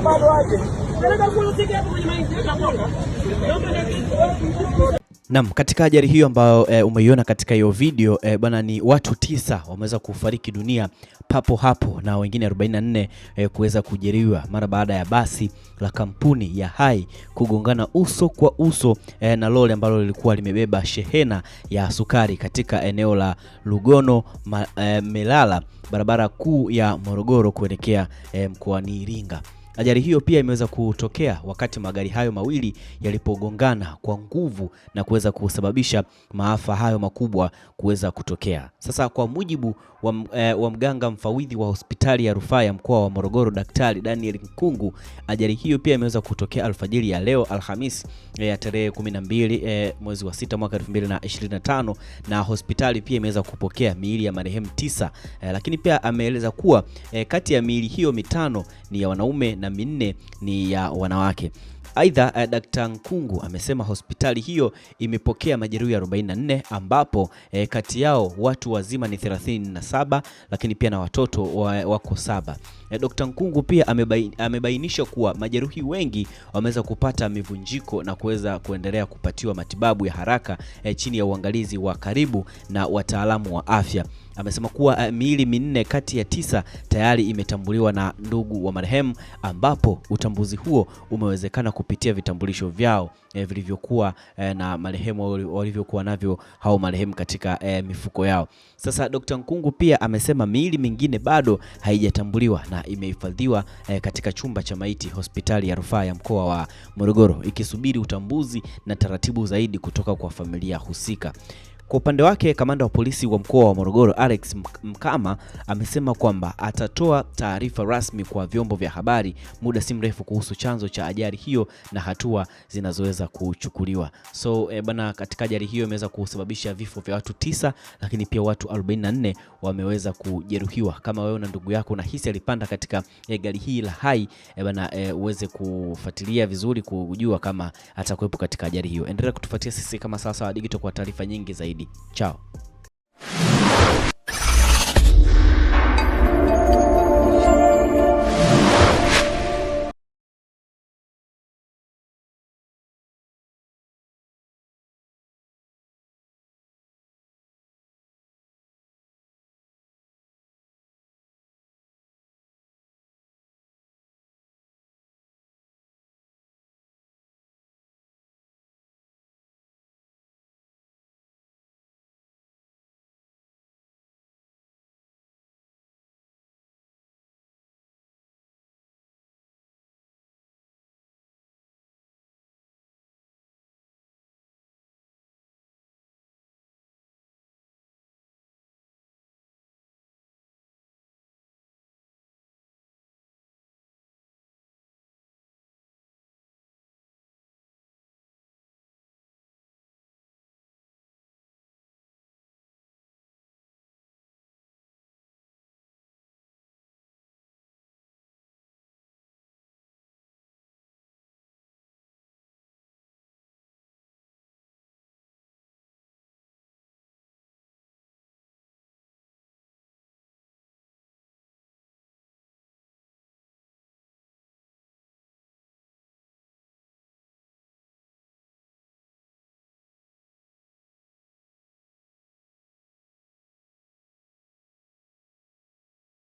bado aje. katika ajali hiyo ambayo e, umeiona katika hiyo video e, bwana ni watu tisa wameweza kufariki dunia papo hapo na wengine 44 e, eh, kuweza kujeruhiwa mara baada ya basi la kampuni ya Hai kugongana uso kwa uso e, na lori ambalo lilikuwa limebeba shehena ya sukari katika eneo la Lugono ma, e, Melala barabara kuu ya Morogoro kuelekea e, mkoani Iringa. Ajali hiyo pia imeweza kutokea wakati magari hayo mawili yalipogongana kwa nguvu na kuweza kusababisha maafa hayo makubwa kuweza kutokea. Sasa kwa mujibu wa, eh, wa mganga mfawidhi wa hospitali ya rufaa ya mkoa wa Morogoro, Daktari Daniel Nkungu, ajali hiyo pia imeweza kutokea alfajiri ya leo Alhamisi eh, ya tarehe 12 eh, mwezi wa 6 mwaka 2025 na hospitali pia imeweza kupokea miili ya marehemu tisa, eh, lakini pia ameeleza kuwa eh, kati ya miili hiyo mitano ni ya wanaume na minne ni ya wanawake. Aidha, uh, Dr. Nkungu amesema hospitali hiyo imepokea majeruhi 44 ambapo eh, kati yao watu wazima ni 37 lakini pia na watoto wako saba. Eh, Dr. Nkungu pia amebain, amebainisha kuwa majeruhi wengi wameweza kupata mivunjiko na kuweza kuendelea kupatiwa matibabu ya haraka eh, chini ya uangalizi wa karibu na wataalamu wa afya. Amesema kuwa eh, miili minne kati ya tisa tayari imetambuliwa na ndugu wa marehemu, ambapo utambuzi huo umewezekana kupitia vitambulisho vyao eh, vilivyokuwa eh, na marehemu walivyokuwa navyo hao marehemu katika eh, mifuko yao. Sasa Dr. Nkungu pia amesema miili mingine bado haijatambuliwa na imehifadhiwa eh, katika chumba cha maiti hospitali ya rufaa ya mkoa wa Morogoro ikisubiri utambuzi na taratibu zaidi kutoka kwa familia husika. Kwa upande wake kamanda wa polisi wa mkoa wa Morogoro Alex Mkama amesema kwamba atatoa taarifa rasmi kwa vyombo vya habari muda si mrefu kuhusu chanzo cha ajali hiyo na hatua zinazoweza kuchukuliwa. So e, bana, katika ajali hiyo imeweza kusababisha vifo vya watu tisa, lakini pia watu 44 wameweza kujeruhiwa. Kama wewe na ndugu yako unahisi alipanda katika e, gari hii la hai e, bana, e, uweze kufuatilia vizuri kujua kama atakuwepo katika ajali hiyo. Endelea kutufuatia sisi kama sasa Digital kwa taarifa nyingi zaidi. Chao.